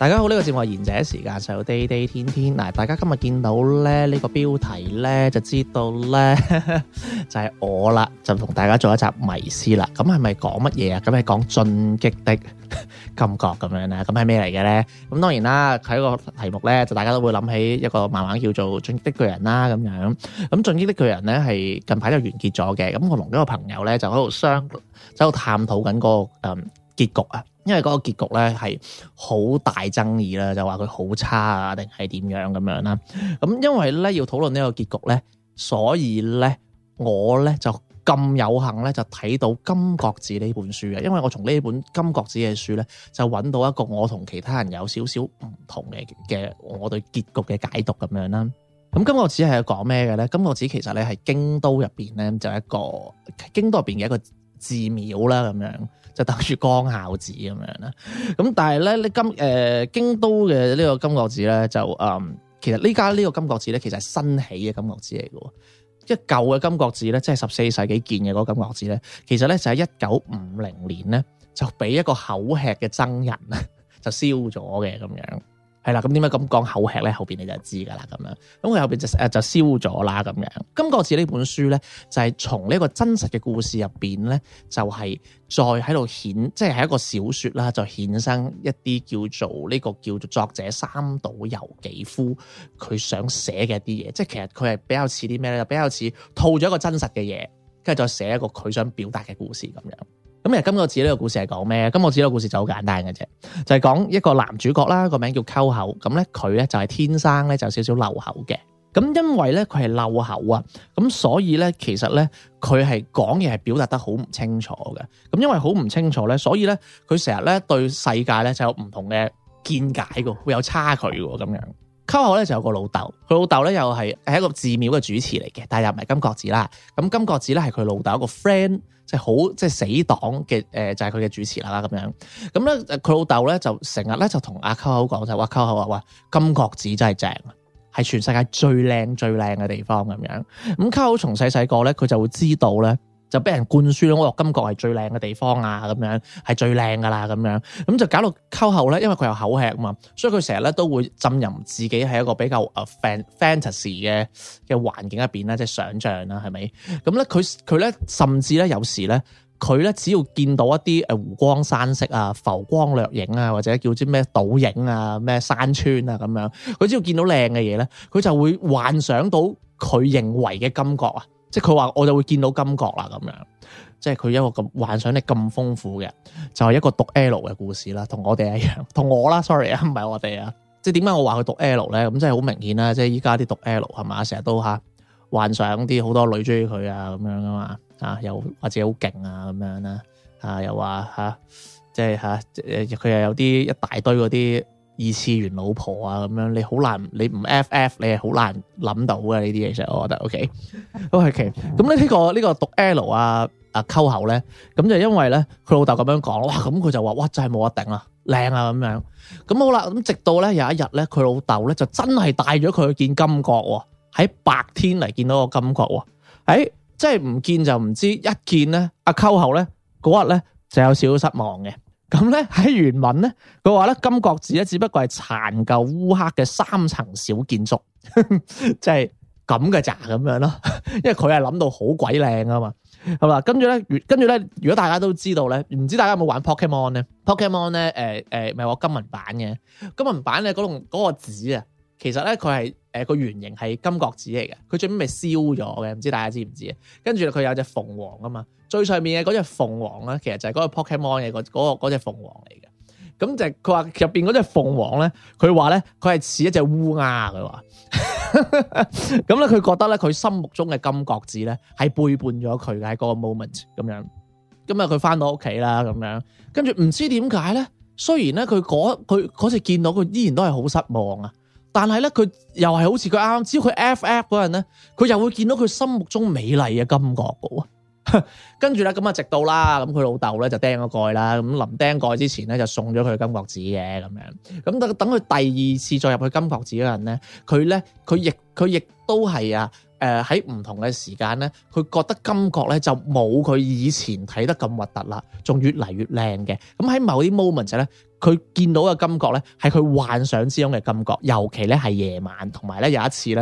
大家好，呢、這個節目係賢者時間，就有 day day 天天。嗱，大家今日見到咧呢、這個標題咧，就知道咧 就係我啦，就同大家做一集迷思啦。咁係咪講乜嘢啊？咁係講進擊的金閣咁樣咧？咁係咩嚟嘅咧？咁當然啦，喺、這個題目咧，就大家都會諗起一個漫畫叫做《進擊的巨人》啦。咁樣，咁《進擊的巨人呢》咧係近排就完結咗嘅。咁我同一個朋友咧就喺度商，喺度探討緊、那個誒、嗯、結局啊。因為嗰個結局咧係好大爭議啦，就話佢好差啊，定係點樣咁樣啦。咁因為咧要討論呢個結局咧，所以咧我咧就咁有幸咧就睇到《金閣寺》呢本書啊。因為我從呢本《金閣寺》嘅書咧就揾到一個我同其他人有少少唔同嘅嘅我對結局嘅解讀咁樣啦。咁《金閣寺》係講咩嘅咧？《金閣寺》其實咧係京都入邊咧就一個京都入邊嘅一個寺廟啦咁樣。就等住光孝寺咁樣啦，咁但係咧，呢金誒京都嘅呢個金閣寺咧，就誒其實呢家呢個金閣寺咧，其實係新起嘅金閣寺嚟嘅，即係舊嘅金閣寺咧，即係十四世紀建嘅嗰金閣寺咧，其實咧就喺一九五零年咧就俾一個口吃嘅僧人啊就燒咗嘅咁樣。係啦，咁點解咁講口吃咧？後邊你就知噶啦，咁樣咁佢後邊就誒就燒咗啦，咁樣。金閣寺呢本書咧，就係從呢個真實嘅故事入邊咧，就係、是、再喺度顯，即係係一個小說啦，就衍生一啲叫做呢、這個叫做作者三島由紀夫佢想寫嘅一啲嘢。即係其實佢係比較似啲咩咧？就比較似套咗一個真實嘅嘢，跟住再寫一個佢想表達嘅故事咁樣。咁其實金閣寺呢個故事係講咩？金閣寺呢個故事就好簡單嘅啫，就係講一個男主角啦，個名叫溝口。咁咧佢咧就係天生咧就少少漏口嘅。咁因為咧佢係漏口啊，咁所以咧其實咧佢係講嘢係表達得好唔清楚嘅。咁因為好唔清楚咧，所以咧佢成日咧對世界咧就有唔同嘅見解噶，會有差距喎。咁樣。溝口咧就有個老豆，佢老豆咧又係係一個寺廟嘅主持嚟嘅，但係又唔係金閣寺啦。咁金閣寺咧係佢老豆一個 friend，即係好即係死黨嘅誒，就係佢嘅主持啦咁樣。咁咧佢老豆咧就成日咧就同阿溝口講就話溝口話話金閣寺真係正，係全世界最靚最靚嘅地方咁樣。咁溝口從細細個咧佢就會知道咧。就俾人灌輸咯，個金閣係最靚嘅地方啊，咁樣係最靚噶啦，咁樣咁就搞到溝口咧，因為佢有口吃啊嘛，所以佢成日咧都會浸淫自己喺一個比較 fantasy 嘅嘅環境入邊，呢即係想像啦，係咪？咁咧佢佢咧甚至咧有時咧，佢咧只要見到一啲誒湖光山色啊、浮光掠影啊，或者叫啲咩倒影啊、咩山川啊咁樣，佢只要見到靚嘅嘢咧，佢就會幻想到佢認為嘅金閣啊。即係佢話我就會見到金閣啦，咁樣即係佢一個咁幻想力咁豐富嘅，就係、是、一個讀 L 嘅故事啦，同我哋一樣，同我啦。sorry 啊，唔係我哋啊。即係點解我話佢讀 L 咧？咁真係好明顯啦。即係依家啲讀 L 係嘛，成日都吓幻想啲好多女追佢啊，咁樣噶嘛啊，又或者好勁啊咁樣啦啊，又話即係佢又有啲一大堆嗰啲。二次元老婆啊咁樣，你好難，你唔 FF 你係好難諗到嘅呢啲嘢，其實我覺得 OK。都係其咁呢，呢個呢個讀 L 啊啊溝后咧，咁就因為咧佢老豆咁樣講，哇！咁佢就話哇真係冇得頂啊，靚啊咁樣。咁好啦，咁直到咧有一日咧，佢老豆咧就真係帶咗佢去見金閣喎，喺白天嚟見到個金閣喎。誒、哎，真係唔見就唔知，一見咧，阿、啊、溝后咧嗰日咧就有少少失望嘅。咁咧喺原文咧，佢話咧金閣寺咧只不過係殘舊烏黑嘅三層小建築，即係咁嘅咋咁樣咯。因為佢係諗到好鬼靚啊嘛。好啦，跟住咧，跟住咧，如果大家都知道咧，唔知大家有冇玩呢 Pokemon 咧？Pokemon 咧，誒、呃、誒、咪、呃、話金文版嘅金文版咧嗰棟個紙啊、那個，其實咧佢係。誒個原型係金閣寺嚟嘅，佢最尾咪燒咗嘅，唔知大家知唔知啊？跟住佢有隻鳳凰啊嘛，最上面嘅嗰隻鳳凰咧，其實就係嗰個 Pokemon 嘅嗰隻、嗰個、隻鳳凰嚟嘅。咁就佢話入邊嗰隻鳳凰咧，佢話咧佢係似一隻烏鴉，佢話咁咧佢覺得咧佢心目中嘅金閣寺咧係背叛咗佢嘅喺嗰個 moment 咁樣。咁啊佢翻到屋企啦咁樣，跟住唔知點解咧，雖然咧佢嗰佢嗰次見到佢依然都係好失望啊。但係咧，佢又係好似佢啱啱，只要佢 FF 嗰陣咧，佢又會見到佢心目中美麗嘅金閣嘅喎。跟住咧，咁啊直到啦，咁佢老豆咧就釘咗蓋啦。咁臨釘蓋之前咧，就送咗佢金閣寺嘅咁樣。咁等等佢第二次再入去金閣寺嗰陣咧，佢咧佢亦佢亦都係啊誒喺唔同嘅時間咧，佢覺得金閣咧就冇佢以前睇得咁核突啦，仲越嚟越靚嘅。咁喺某啲 moment 咧。佢見到嘅金閣咧，係佢幻想之中嘅金閣，尤其咧係夜晚，同埋有，有一次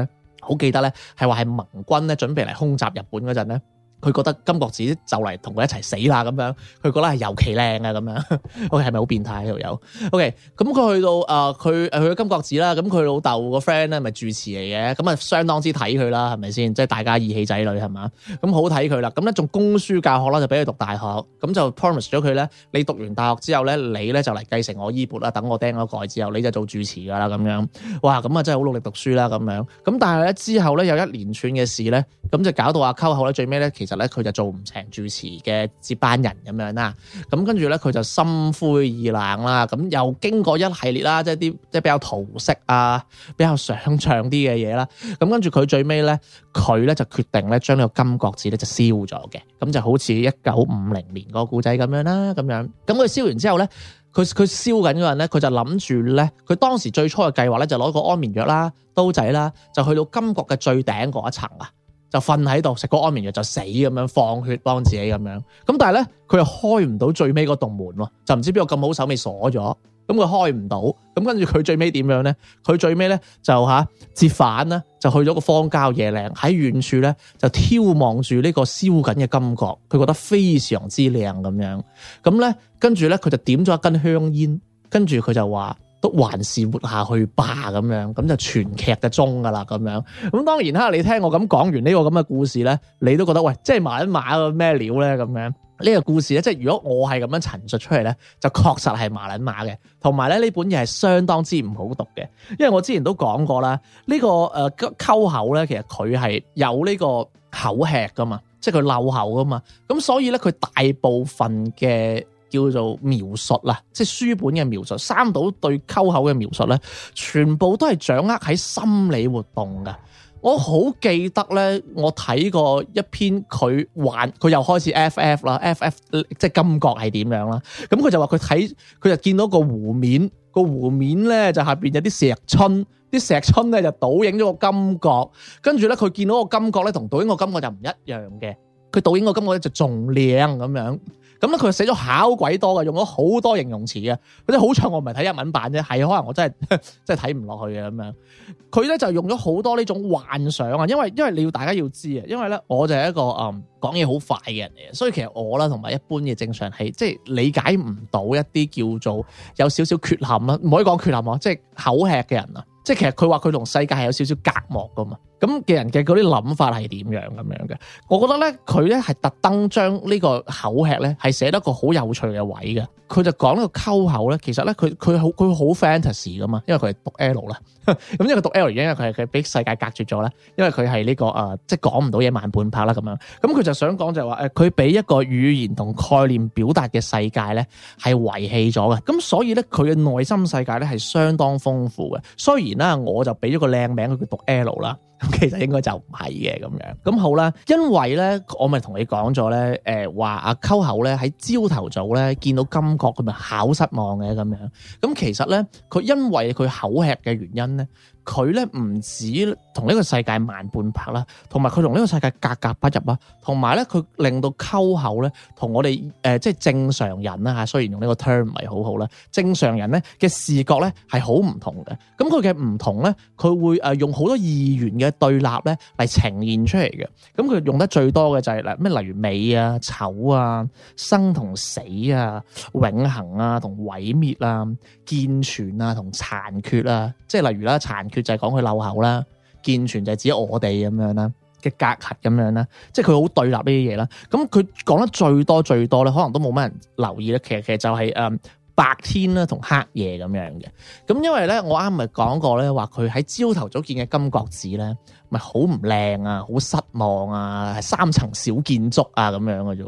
我好記得咧，係話係盟軍咧準備嚟空襲日本嗰陣佢覺得金閣寺就嚟同佢一齊死啦咁樣，佢覺得係尤其靚啊咁樣。OK 係咪好變態呢條友？OK 咁佢去到啊，佢、呃、去咗金閣寺啦。咁佢老豆個 friend 咧，咪住持嚟嘅，咁啊相當之睇佢啦，係咪先？即係大家義氣仔女係嘛？咁好睇佢啦。咁咧仲供書教學啦，就俾佢讀大學。咁就 promise 咗佢咧，你讀完大學之後咧，你咧就嚟繼承我衣缽啦，等我釘咗蓋之後，你就做住持噶啦咁樣。哇！咁啊真係好努力讀書啦咁樣。咁但係咧之後咧有一連串嘅事咧，咁就搞到阿溝口咧最尾咧其。其實咧，佢就做唔成住持嘅接班人咁樣啦。咁跟住咧，佢就心灰意冷啦。咁又經過一系列啦，即係啲即係比較桃色啊，比較想像啲嘅嘢啦。咁跟住佢最尾咧，佢咧就決定咧，將呢個金閣寺咧就燒咗嘅。咁就好似一九五零年個故仔咁樣啦。咁樣咁佢燒完之後咧，佢佢燒緊嗰陣咧，佢就諗住咧，佢當時最初嘅計劃咧，就攞個安眠藥啦、刀仔啦，就去到金閣嘅最頂嗰一層啊。就瞓喺度食個安眠藥就死，咁樣放血幫自己咁樣，咁但係咧佢又開唔到最尾嗰棟門喎，就唔知邊個咁好手尾鎖咗，咁佢開唔到，咁跟住佢最尾點樣咧？佢最尾咧就吓折，啊、返啦，就去咗個荒郊野嶺喺遠處咧就眺望住呢個燒緊嘅金閣，佢覺得非常之靚咁樣，咁咧跟住咧佢就點咗一根香煙，跟住佢就話。都還是活下去吧咁樣，咁就全劇嘅終噶啦咁樣。咁當然啦，你聽我咁講完呢、呢個咁嘅、呢個、故事咧，你都覺得喂，即係麻撚麻個咩料咧咁樣？呢、呢個故事咧，即係如果我係咁樣陳述出嚟咧，就確實係麻撚麻嘅。同埋咧，呢本嘢係相當之唔好讀嘅，因為我之前都講過啦，呢、呢個誒、呃、溝口咧，其實佢係有呢個口吃噶嘛，即係佢漏口噶嘛。咁所以咧，佢大部分嘅，叫做描述啦，即係書本嘅描述。三島對溝口嘅描述咧，全部都係掌握喺心理活動嘅。我好記得咧，我睇過一篇佢玩，佢又開始 FF 啦，FF 即係金閣係點樣啦。咁佢就話佢睇，佢就見到個湖面，個湖面咧就下邊有啲石春，啲石春咧就倒影咗個金閣。跟住咧，佢見到個金閣咧同倒影個金閣就唔一樣嘅，佢倒影個金閣咧就仲靚咁樣。咁佢寫咗巧鬼多嘅，用咗好多形容詞嘅。佢啲好彩我唔係睇日文版啫，係可能我真係真係睇唔落去嘅咁樣。佢咧就用咗好多呢種幻想啊，因為因為你要大家要知啊，因為咧我就係一個誒、嗯、講嘢好快嘅人嚟嘅，所以其實我啦同埋一般嘅正常係即係理解唔到一啲叫做有少少缺陷啊，唔可以講缺陷啊，即係口吃嘅人啊，即係其實佢話佢同世界係有少少隔膜噶嘛。咁嘅人嘅嗰啲諗法係點樣咁樣嘅？我覺得咧，佢咧係特登將呢個口吃咧係寫得個好有趣嘅位嘅。佢就講呢個溝口咧，其實咧佢佢好佢好 fantasy 噶嘛，因為佢係讀 L 啦。咁 因為讀 L 已經，因為佢佢俾世界隔絕咗啦，因為佢係呢個、呃、即係講唔到嘢慢半拍啦咁樣。咁佢就想講就係話呃、佢俾一個語言同概念表達嘅世界咧係遺棄咗嘅。咁所以咧，佢嘅內心世界咧係相當豐富嘅。雖然咧，我就俾咗個靚名佢叫讀 L 啦。咁其實應該就唔係嘅咁樣咁好啦，因為咧我咪同你講咗咧，誒、呃、話阿溝口咧喺朝頭早咧見到金閣佢咪好失望嘅咁樣。咁其實咧佢因為佢口吃嘅原因咧。佢咧唔止同呢個世界慢半拍啦，同埋佢同呢個世界格格不入啊，同埋咧佢令到溝口咧同我哋誒、呃、即係正常人啦吓，雖然用呢個 term 唔係好好啦，正常人咧嘅視覺咧係好唔同嘅。咁佢嘅唔同咧，佢會誒用好多二元嘅對立咧嚟呈現出嚟嘅。咁佢用得最多嘅就係嗱咩，例如美啊、醜啊、生同死啊、永恒啊、同毀滅啊、健全啊、同殘缺啊，即係例如啦、啊、殘缺。就係講佢漏口啦，健全就係指我哋咁樣啦，嘅隔閡咁樣啦，即係佢好對立呢啲嘢啦。咁佢講得最多最多咧，可能都冇乜人留意咧。其實其實就係誒白天啦同黑夜咁樣嘅。咁因為咧，我啱咪講過咧，話佢喺朝頭早見嘅金閣寺咧，咪好唔靚啊，好失望啊，係三層小建築啊咁樣嘅啫。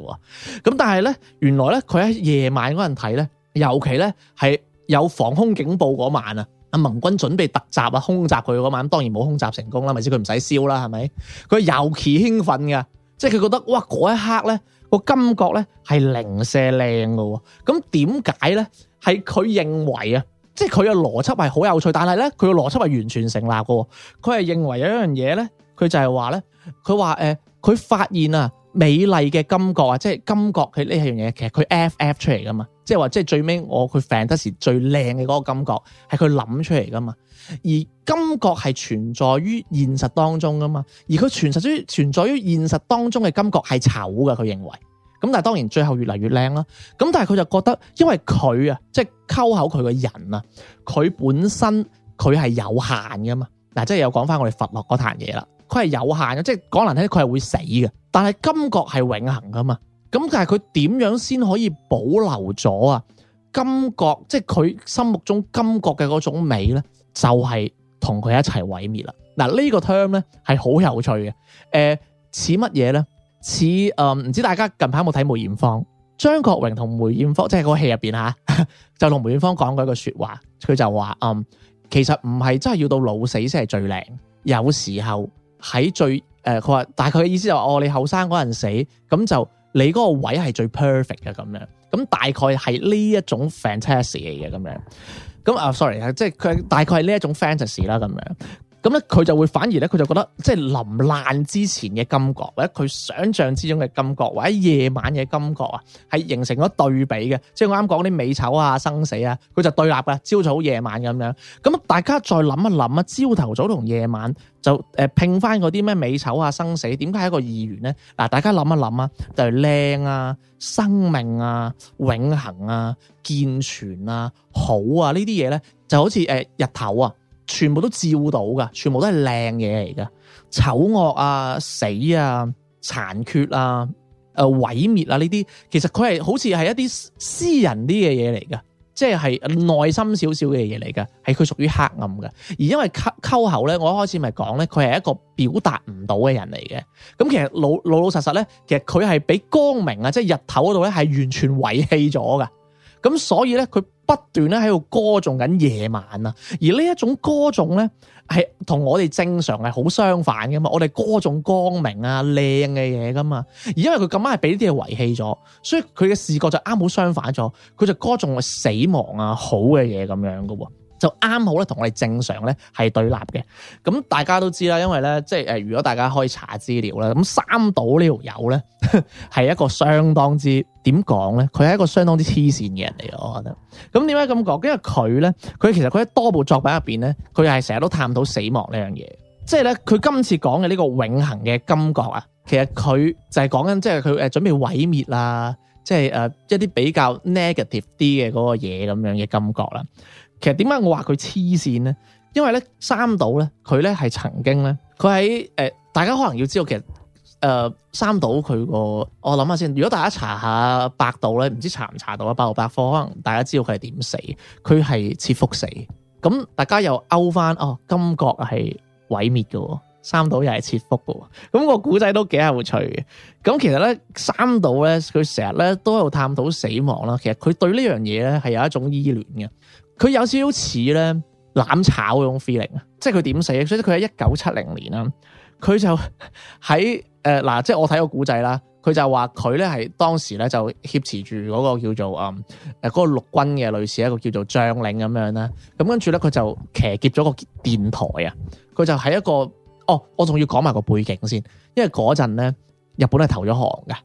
咁但係咧，原來咧佢喺夜晚嗰陣睇咧，尤其咧係有防空警報嗰晚啊。阿盟軍準備突襲啊，空襲佢嗰晚，當然冇空襲成功啦，咪之佢唔使燒啦，係咪？佢尤其興奮嘅，即係佢覺得哇嗰一刻咧，個金閣咧係零舍靚嘅喎。咁點解咧？係佢認為啊，即係佢嘅邏輯係好有趣，但係咧佢嘅邏輯係完全成立嘅。佢係認為有一樣嘢咧，佢就係話咧，佢話誒，佢、呃、發現啊。美麗嘅金閣啊，即係金閣佢呢係樣嘢，其實佢 FF 出嚟噶嘛，即係話即係最尾我佢 fantasy 得時最靚嘅嗰個金閣係佢諗出嚟噶嘛，而金閣係存在於現實當中噶嘛，而佢存在於存在於現實當中嘅金閣係醜嘅，佢認為。咁但係當然最後越嚟越靚啦。咁但係佢就覺得，因為佢啊，即係溝口佢嘅人啊，佢本身佢係有限噶嘛。嗱，即係又講翻我哋佛洛嗰壇嘢啦，佢係有限嘅，即係講難聽，佢係會死嘅。但係金閣係永恆噶嘛？咁但係佢點樣先可以保留咗啊？金閣即係佢心目中金閣嘅嗰種美咧，就係同佢一齊毀滅啦。嗱、這、呢個 term 咧係好有趣嘅。誒似乜嘢咧？似誒唔、呃、知大家近排有冇睇梅艷芳？張國榮同梅艷芳即係、就是、個戲入邊吓， 就同梅艷芳講過一個說話，佢就話：嗯，其實唔係真係要到老死先係最靚，有時候。喺最誒，佢、呃、話大概嘅意思就係、是、哦，你後生嗰陣死，咁就你嗰個位係最 perfect 嘅咁樣，咁、呃、大概係呢一種 fantasy 嚟嘅咁樣，咁啊 sorry 啊，即係佢大概係呢一種 fantasy 啦咁樣。咁咧，佢就會反而咧，佢就覺得即係、就是、臨爛之前嘅金閣，或者佢想象之中嘅金閣，或者夜晚嘅金閣啊，係形成咗對比嘅。即係我啱講啲美醜啊、生死啊，佢就對立喇。朝早夜晚咁樣，咁大家再諗一諗啊，朝頭早同夜晚就誒拼翻嗰啲咩美醜啊、生死，點解係一個二元咧？嗱，大家諗一諗啊，就係、是、靚啊、生命啊、永恒啊、健全啊、好啊呢啲嘢咧，就好似、呃、日頭啊。全部都照到噶，全部都係靚嘢嚟噶，醜惡啊、死啊、殘缺啊、誒毀滅啊呢啲，其實佢係好似係一啲私人啲嘅嘢嚟噶，即係係內心少少嘅嘢嚟噶，係佢屬於黑暗嘅。而因為溝溝口咧，我一開始咪講咧，佢係一個表達唔到嘅人嚟嘅。咁其實老老老實實咧，其實佢係俾光明啊，即係日頭嗰度咧，係完全遺棄咗噶。咁所以咧，佢。不斷咧喺度歌頌緊夜晚啊，而呢一種歌頌咧係同我哋正常係好相反嘅嘛，我哋歌頌光明啊靚嘅嘢噶嘛，而因為佢咁晚係俾啲嘢遺棄咗，所以佢嘅視覺就啱好相反咗，佢就歌頌死亡啊好嘅嘢咁樣㗎喎、啊。就啱好咧，同我哋正常咧係對立嘅。咁大家都知啦，因為咧，即係誒如果大家可以查資料啦，咁三島呢條友咧係一個相當之點講咧，佢係一個相當之黐線嘅人嚟嘅，我覺得。咁點解咁講？因為佢咧，佢其實佢喺多部作品入面咧，佢係成日都探討死亡呢樣嘢。即係咧，佢今次講嘅呢個永恆嘅金閣啊，其實佢就係講緊即係佢誒準備毀滅啦，即係誒一啲比較 negative 啲嘅嗰個嘢咁樣嘅金閣啦。其實點解我話佢黐線咧？因為咧三島咧，佢咧係曾經咧，佢喺誒，大家可能要知道，其實誒、呃、三島佢個，我諗下先。如果大家查下百度咧，唔知查唔查到啊。百度百科可能大家知道佢係點死，佢係切腹死。咁大家又勾返哦，金閣係毀滅嘅，三島又係切腹嘅。咁、那個古仔都幾有趣嘅。咁其實咧三島咧，佢成日咧都有探討死亡啦。其實佢對呢樣嘢咧係有一種依戀嘅。佢有少少似咧攬炒嗰種 feeling 啊，即係佢點死？所以佢喺一九七零年啦，佢就喺誒嗱，即係我睇個古仔啦。佢就話佢咧係當時咧就挾持住嗰個叫做啊嗰、嗯嗰個陸軍嘅類似一個叫做將領咁樣啦。咁跟住咧佢就騎劫咗個電台啊。佢就喺一個哦，我仲要講埋個背景先，因為嗰陣咧日本係投咗降㗎。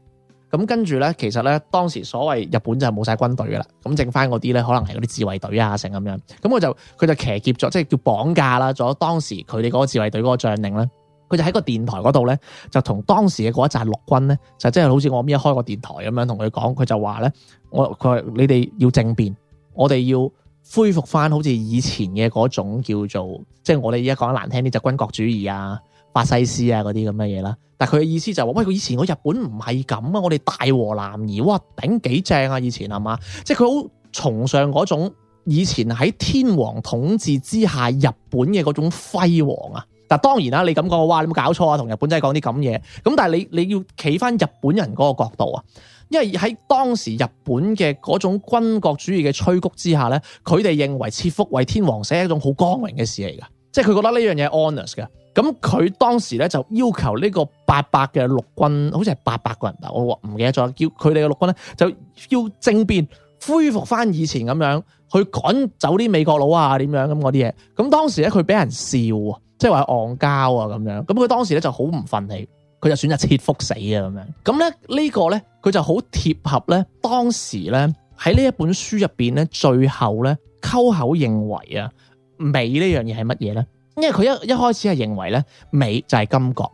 咁跟住咧，其實咧，當時所謂日本就係冇晒軍隊㗎啦，咁剩翻嗰啲咧，可能係嗰啲自衛隊啊，成咁樣。咁我就佢就騎劫咗，即係叫綁架啦。咗當時佢哋嗰個自衛隊嗰個將領呢，佢就喺個電台嗰度咧，就同當時嘅嗰一陣陸軍咧，就即係好似我咁一開個電台咁樣同佢講，佢就話咧，我佢話你哋要政變，我哋要恢復翻好似以前嘅嗰種叫做，即係我哋而家講得難聽啲就軍國主義啊。法西斯啊嗰啲咁嘅嘢啦，但係佢嘅意思就話、係、喂，佢以前個日本唔係咁啊，我哋大和男兒哇頂幾正啊，以前係嘛，即係佢好崇尚嗰種以前喺天皇統治之下日本嘅嗰種輝煌啊。但當然啦、啊，你咁講哇，話，你冇搞錯啊，同日本仔講啲咁嘢。咁但係你你要企翻日本人嗰個角度啊，因為喺當時日本嘅嗰種軍國主義嘅催谷之下咧，佢哋認為切腹為天皇死係一種好光榮嘅事嚟噶，即係佢覺得呢樣嘢係 honest 噶。咁佢當時咧就要求呢個八百嘅陸軍，好似係八百個人吧，我唔記得咗。叫佢哋嘅陸軍咧就要政變恢復翻以前咁樣去趕走啲美國佬啊，點樣咁嗰啲嘢。咁當時咧佢俾人笑、就是、狠狠啊，即係話傲交啊咁樣。咁佢當時咧就好唔憤氣，佢就選擇切腹死啊咁樣。咁咧呢個咧佢就好貼合咧當時咧喺呢一本書入面咧最後咧溝口認為啊美呢樣嘢係乜嘢咧？因為佢一一開始係認為咧，美就係金閣，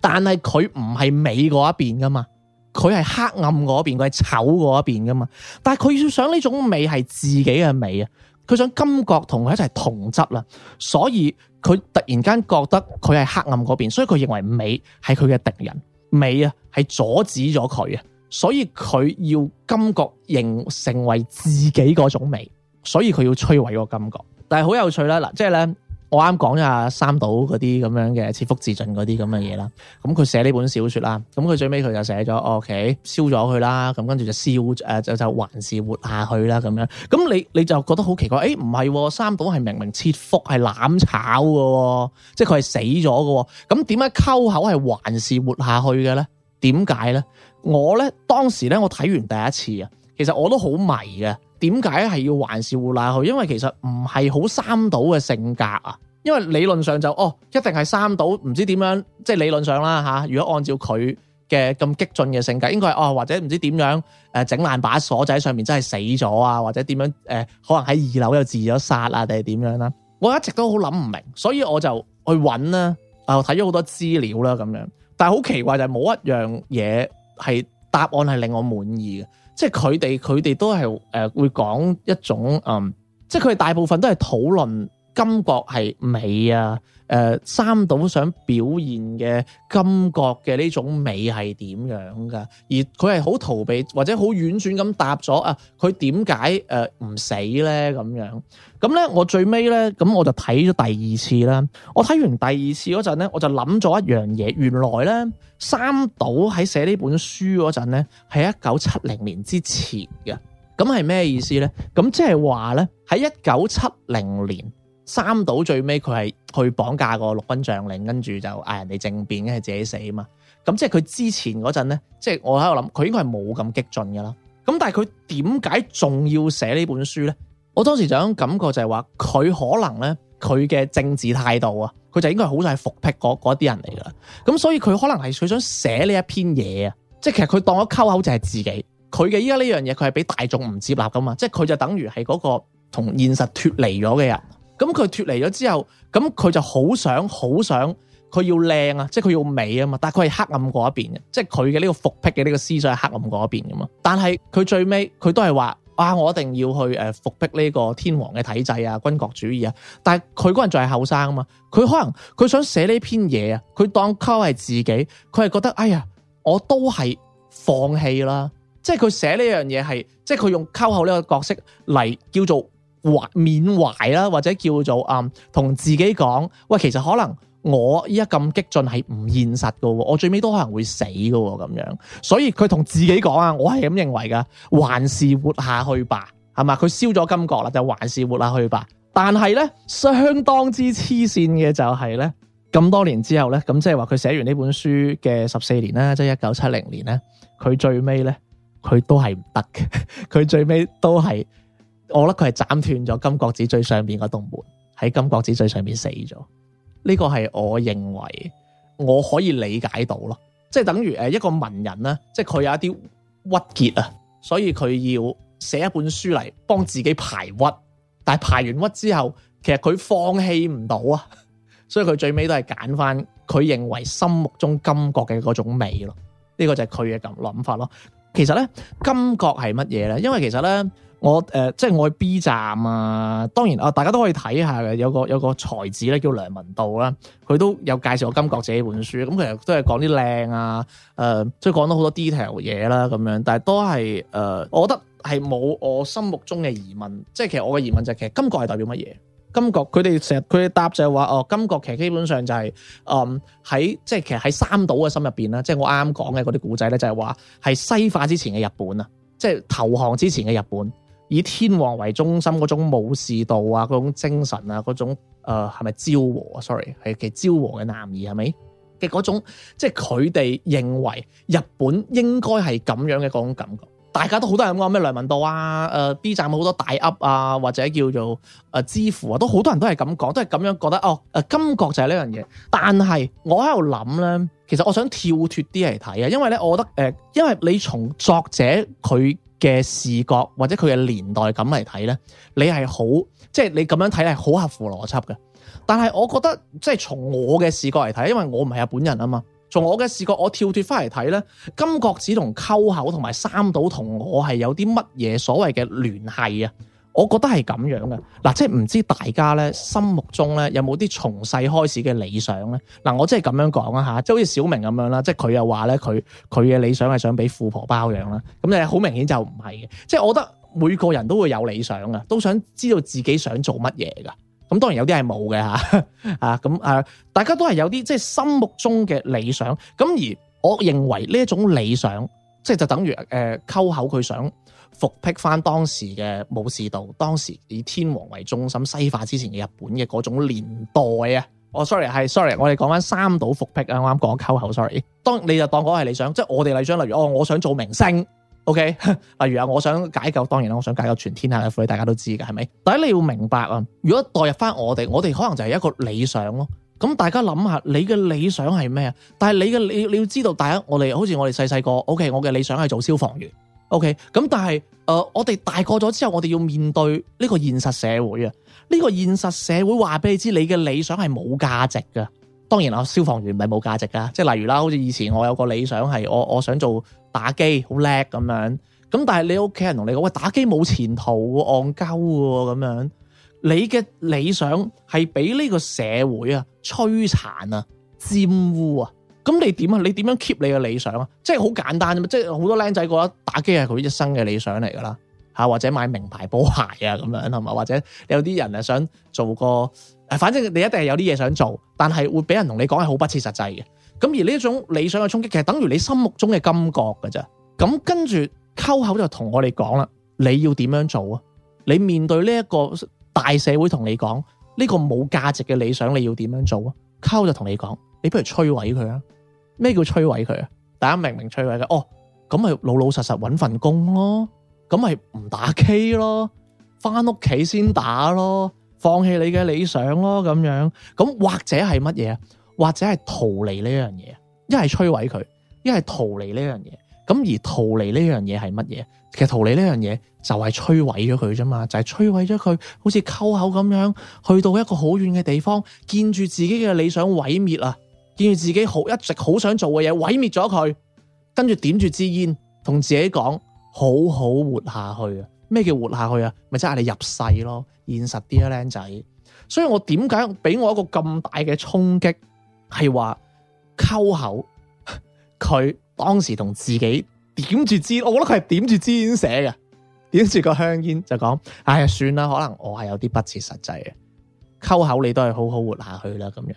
但係佢唔係美嗰一邊噶嘛，佢係黑暗嗰邊，佢係醜嗰邊噶嘛。但係佢要想呢種美係自己嘅美啊，佢想金閣同佢一齊同質啦，所以佢突然間覺得佢係黑暗嗰邊，所以佢認為美係佢嘅敵人，美啊係阻止咗佢啊，所以佢要金閣形成為自己嗰種美，所以佢要摧毀個金閣。但係好有趣啦，嗱，即係咧。我啱講咗三島嗰啲咁樣嘅切腹自盡嗰啲咁嘅嘢啦，咁佢寫呢本小說啦，咁佢最尾佢就寫咗、哦，OK 燒咗佢啦，咁跟住就燒就就還、哎是，哦是，是，哦是，哦、是活下去啦咁樣，咁你你就覺得好奇怪，誒唔係三島係明明切腹係攬炒嘅，即係佢係死咗嘅，咁點解溝口係還是活下去嘅咧？點解咧？我咧當時咧我睇完第一次啊，其實我都好迷嘅。點解係要還是胡賴去？因為其實唔係好三島嘅性格啊，因為理論上就哦一定係三島唔知點樣，即係理論上啦吓。如果按照佢嘅咁激進嘅性格，應該係哦或者唔知點樣誒整爛把鎖仔上面，真係死咗啊，或者點樣誒、呃呃，可能喺二樓又自咗殺啊，定係點樣啦？我一直都好諗唔明，所以我就去揾啦，啊睇咗好多資料啦咁樣，但係好奇怪就係冇一樣嘢係答案係令我滿意嘅。即係佢哋，佢哋都係誒、呃、會講一種嗯，即係，佢哋大部分都係討論。金閣係美啊！誒、呃，三島想表現嘅金閣嘅呢種美係點樣噶？而佢係好逃避或者好婉轉咁答咗啊。佢點解誒唔死咧？咁樣咁咧，我最尾咧咁我就睇咗第二次啦。我睇完第二次嗰陣咧，我就諗咗一樣嘢。原來咧，三島喺寫呢本書嗰陣咧，係一九七零年之前嘅。咁係咩意思咧？咁即係話咧，喺一九七零年。三島最尾佢係去綁架個陸軍將領，跟住就嗌、哎、人哋政變，跟住自己死啊嘛。咁即係佢之前嗰陣咧，即、就、係、是、我喺度諗，佢應該係冇咁激進噶啦。咁但係佢點解仲要寫呢本書咧？我當時就咁感覺就係話，佢可能咧佢嘅政治態度啊，佢就應該係好在係復辟嗰啲人嚟噶啦。咁所以佢可能係佢想寫呢一篇嘢啊，即、就、係、是、其實佢當咗溝口就係自己佢嘅依家呢樣嘢，佢係俾大眾唔接納噶嘛，即係佢就等於係嗰個同現實脱離咗嘅人。咁佢脫離咗之後，咁佢就好想好想，佢要靚啊，即係佢要美啊、就是、嘛。但係佢係黑暗嗰一邊嘅，即係佢嘅呢個復辟嘅呢個思想係黑暗嗰一邊嘅嘛。但係佢最尾佢都係話啊，我一定要去誒復辟呢個天皇嘅體制啊，軍國主義啊。但係佢嗰人仲係後生啊嘛，佢可能佢想寫呢篇嘢啊，佢當溝係自己，佢係覺得哎呀，我都係放棄啦。即係佢寫呢樣嘢係，即係佢用溝口呢個角色嚟叫做。或緬懷啦，或者叫做啊、嗯，同自己講，喂，其實可能我依家咁激進係唔現實噶，我最尾都可能會死噶咁樣。所以佢同自己講啊，我係咁認為噶，還是活下去吧，係嘛？佢燒咗金閣啦，就還是活下去吧。但係咧，相當之黐線嘅就係咧，咁多年之後咧，咁即係話佢寫完呢本書嘅十四年啦，即係一九七零年咧，佢最尾咧，佢都係唔得嘅，佢 最尾都係。我覺得佢係斬斷咗金國子最上邊嗰棟門，喺金國子最上面死咗。呢個係我認為我可以理解到咯，即係等於誒一個文人咧，即係佢有一啲鬱結啊，所以佢要寫一本書嚟幫自己排鬱。但係排完鬱之後，其實佢放棄唔到啊，所以佢最尾都係揀翻佢認為心目中金國嘅嗰種味咯。呢、這個就係佢嘅諗法咯。其實咧，金國係乜嘢咧？因為其實咧。我誒、呃、即係我去 B 站啊，當然啊，大家都可以睇下嘅，有個有個才子咧叫梁文道啦、啊，佢都有介紹我《金閣寺》呢本書，咁、嗯、其實都係講啲靚啊，誒、呃，即係講到好多 detail 嘢啦咁樣，但係都係誒、呃，我覺得係冇我心目中嘅疑問，即係其實我嘅疑問就係、是、其實金閣係代表乜嘢？金閣佢哋成日佢哋答就係話，哦，金閣其實基本上就係誒喺即係其實喺三島嘅心入面。剛剛」啦，即係我啱啱講嘅嗰啲古仔咧，就係話係西化之前嘅日本啊，即係投降之前嘅日本。以天皇為中心嗰種武士道啊，嗰種精神啊，嗰種誒係咪昭和？sorry 係其實昭和嘅男兒係咪嘅嗰種，即係佢哋認為日本應該係咁樣嘅嗰種感覺。大家都好多人都講咩梁文道啊，誒、呃、B 站好多大 Up 啊，或者叫做誒、呃、知乎啊，都好多人都係咁講，都係咁樣覺得哦。誒、呃、金閣就係呢樣嘢，但係我喺度諗咧，其實我想跳脱啲嚟睇啊，因為咧我覺得誒、呃，因為你從作者佢。嘅視覺或者佢嘅年代感嚟睇咧，你係好即係你咁樣睇係好合乎邏輯嘅。但係我覺得即係從我嘅視覺嚟睇，因為我唔係日本人啊嘛。從我嘅視覺，我跳脱翻嚟睇咧，金閣寺同溝口同埋三島同我係有啲乜嘢所謂嘅聯繫啊？我覺得係咁樣嘅，嗱，即係唔知大家咧心目中咧有冇啲從細開始嘅理想咧？嗱，我即係咁樣講啊吓，即係好似小明咁樣啦，即係佢又話咧佢佢嘅理想係想俾富婆包養啦，咁又好明顯就唔係嘅。即係我覺得每個人都會有理想嘅，都想知道自己想做乜嘢噶。咁當然有啲係冇嘅嚇啊，咁誒，大家都係有啲即係心目中嘅理想。咁而我認為呢一種理想，即係就等於誒溝口佢想，復辟翻當時嘅武士道，當時以天皇為中心西化之前嘅日本嘅嗰種年代啊！哦、oh，sorry，係 sorry，我哋講翻三島復辟啊！我啱講溝口 sorry，當你就當嗰係理想，即係我哋理想，例如哦，我想做明星，ok，例如啊，我想解救，當然啦，我想解救全天下嘅婦女，大家都知噶，係咪？但係你要明白啊，如果代入翻我哋，我哋可能就係一個理想咯。咁大家諗下，你嘅理想係咩？但係你嘅你你要知道，大家，我哋好似我哋細細個，ok，我嘅理想係做消防員。OK，咁但係，誒、呃，我哋大個咗之後，我哋要面對呢個現實社會啊。呢、這個現實社會話俾你知，你嘅理想係冇價值噶。當然啦，消防員唔係冇價值噶，即係例如啦，好似以前我有個理想係，我我想做打機，好叻咁樣。咁但係你屋企人同你講，喂，打機冇前途，戇鳩咁樣。你嘅理想係俾呢個社會啊摧殘啊，玷污啊！咁你點啊？你點樣 keep 你嘅理想啊？即係好簡單啫嘛！即係好多僆仔覺得打機係佢一生嘅理想嚟噶啦吓，或者買名牌波鞋啊咁樣係嘛，或者有啲人啊想做個，誒，反正你一定係有啲嘢想做，但係會俾人同你講係好不切實際嘅。咁而呢一種理想嘅衝擊，其實等於你心目中嘅金閣噶啫。咁跟住溝口就同我哋講啦，你要點樣做啊？你面對呢一個大社會同你講呢個冇價值嘅理想，你要點樣做啊？溝就同你講。你不如摧毀佢啊！咩叫摧毀佢啊？大家明明摧毀佢？哦，咁咪老老實實揾份工咯，咁咪唔打機咯，翻屋企先打咯，放棄你嘅理想咯，咁樣咁或者係乜嘢？或者係逃離呢樣嘢？一係摧毀佢，一係逃離呢樣嘢。咁而逃離呢樣嘢係乜嘢？其實逃離呢樣嘢就係摧毀咗佢啫嘛，就係、是、摧毀咗佢，好似溝口咁樣去到一個好遠嘅地方，見住自己嘅理想毀滅啊！見住自己好一直好想做嘅嘢，毀滅咗佢，跟住點住支煙，同自己講好好活下去啊！咩叫活下去啊？咪即係你入世咯，現實啲啊，靚仔。所以我點解俾我一個咁大嘅衝擊，係話溝口？佢當時同自己點住支，我覺得佢係點住支煙寫嘅，點住個香煙就講，唉、哎，算啦，可能我係有啲不切實際嘅。溝口，你都係好好活下去啦，咁樣。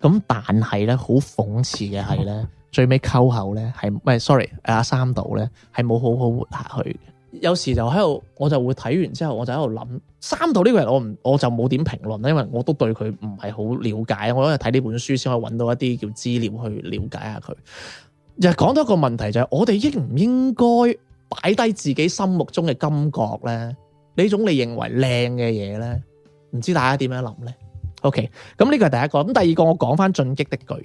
咁但係咧，好諷刺嘅係咧，哦、最尾溝口咧係，唔係，sorry，阿、啊、三島咧係冇好好活下去。有時就喺度，我就會睇完之後，我就喺度諗，三島呢個人我唔，我就冇點評論啦，因為我都對佢唔係好了解，我因為睇呢本書先可以揾到一啲叫資料去了解下佢。又講到一個問題就係、是，我哋應唔應該擺低自己心目中嘅金閣咧？呢種你認為靚嘅嘢咧，唔知大家點樣諗咧？O.K. 咁呢個係第一個，咁第二個我講翻《進擊的巨人》。《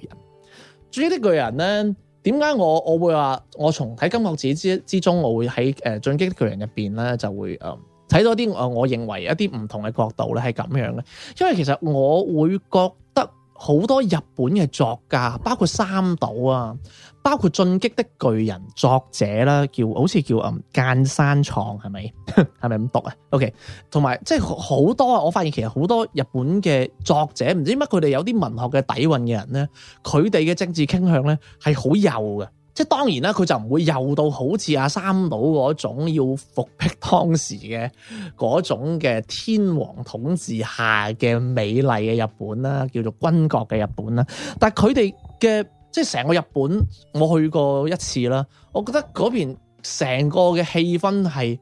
進擊的巨人呢》咧，點解我我會話我從睇金閣寺之之中，我會喺誒《進擊的巨人面呢》入邊咧就會誒睇、嗯、到啲誒我認為一啲唔同嘅角度咧係咁樣咧，因為其實我會覺得好多日本嘅作家，包括三島啊。包括進擊的巨人作者啦，叫好似叫嗯諫山創，係咪係咪咁讀啊？OK，同埋即係好多啊，我發現其實好多日本嘅作者，唔知乜佢哋有啲文學嘅底蘊嘅人咧，佢哋嘅政治傾向咧係好右嘅，即係當然啦，佢就唔會右到好似阿三島嗰種要復辟當時嘅嗰種嘅天皇統治下嘅美麗嘅日本啦，叫做軍國嘅日本啦，但佢哋嘅。即係成個日本，我去過一次啦。我覺得嗰邊成個嘅氣氛係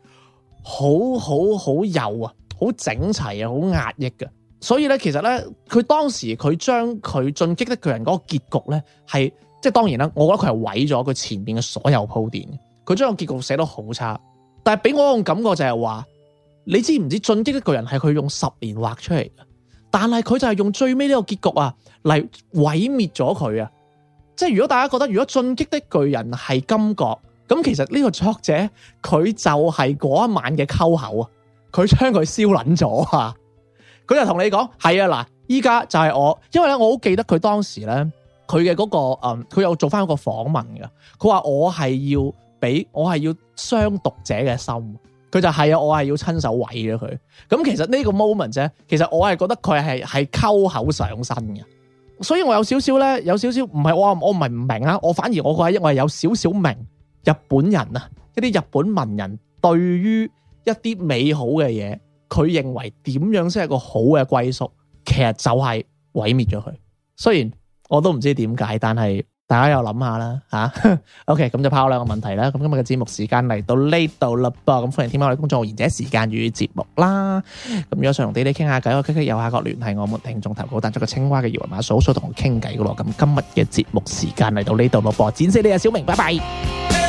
好好好幼啊，好整齊啊，好壓抑嘅。所以咧，其實咧，佢當時佢將佢進擊的巨人嗰個結局咧，係即係當然啦。我覺得佢係毀咗佢前面嘅所有鋪墊。佢將個結局寫得好差，但係俾我種感覺就係話，你知唔知進擊的巨人係佢用十年畫出嚟嘅？但係佢就係用最尾呢個結局啊嚟毀滅咗佢啊！即係如果大家覺得，如果進擊的巨人係金閣咁，其實呢個作者佢就係嗰一晚嘅溝口他他了他就跟你說是啊，佢將佢燒捻咗啊，佢就同你講，係啊嗱，依家就係我，因為咧我好記得佢當時咧，佢嘅嗰個嗯，佢又做翻一個訪問㗎，佢話我係要俾我係要傷讀者嘅心，佢就係啊，我係要親手毀咗佢，咁其實呢個 moment 啫，其實我係覺得佢係係溝口上身嘅。所以我有少少咧，有少少唔係，我我唔係唔明啊！我反而我覺得，因為有少少明日本人啊，一啲日本文人對於一啲美好嘅嘢，佢認為點樣先係個好嘅歸宿，其實就係毀滅咗佢。雖然我都唔知點解，但係。大家又諗下啦，吓，OK，咁就拋兩個問題啦。咁今日嘅節目時間嚟到呢度啦，咁歡迎聽我哋工作賢者時間與節目啦。咁有想同地地傾下偈，我 QQ 右下角聯繫我，我聽眾投稿彈出個青蛙嘅二維碼掃一掃同我傾偈噶咯。咁今日嘅節目時間嚟到呢度啦，播展示你啊，小明，拜拜。